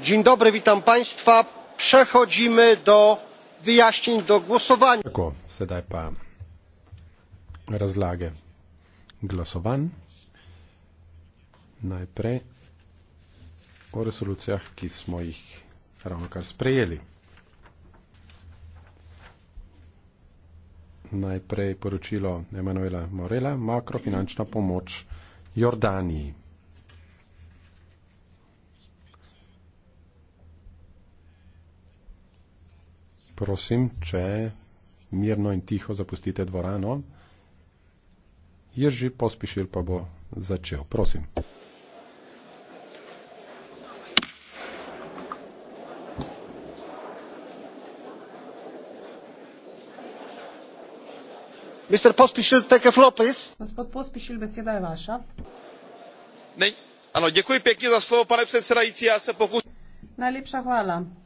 dzień dobry witam państwa przechodzimy do wyjaśnień do głosowania. tako sedaj pa razlage glasovanj najprej o resolucijah ki smo jih ravnokar sprejeli. najprej poročilo Emanuela Morela makrofinančna pomoč Jordaniji. prosim, če mirno in tiho zapustite dvorano. Jerži pospišil pa bo začel. Prosim. Mr. Pospišil, take a floor, please. Gospod Pospišil, beseda je vaša. Ne, ano, děkuji pěkně za slovo, pane předsedající, já se pokusím. Najlepša hvala.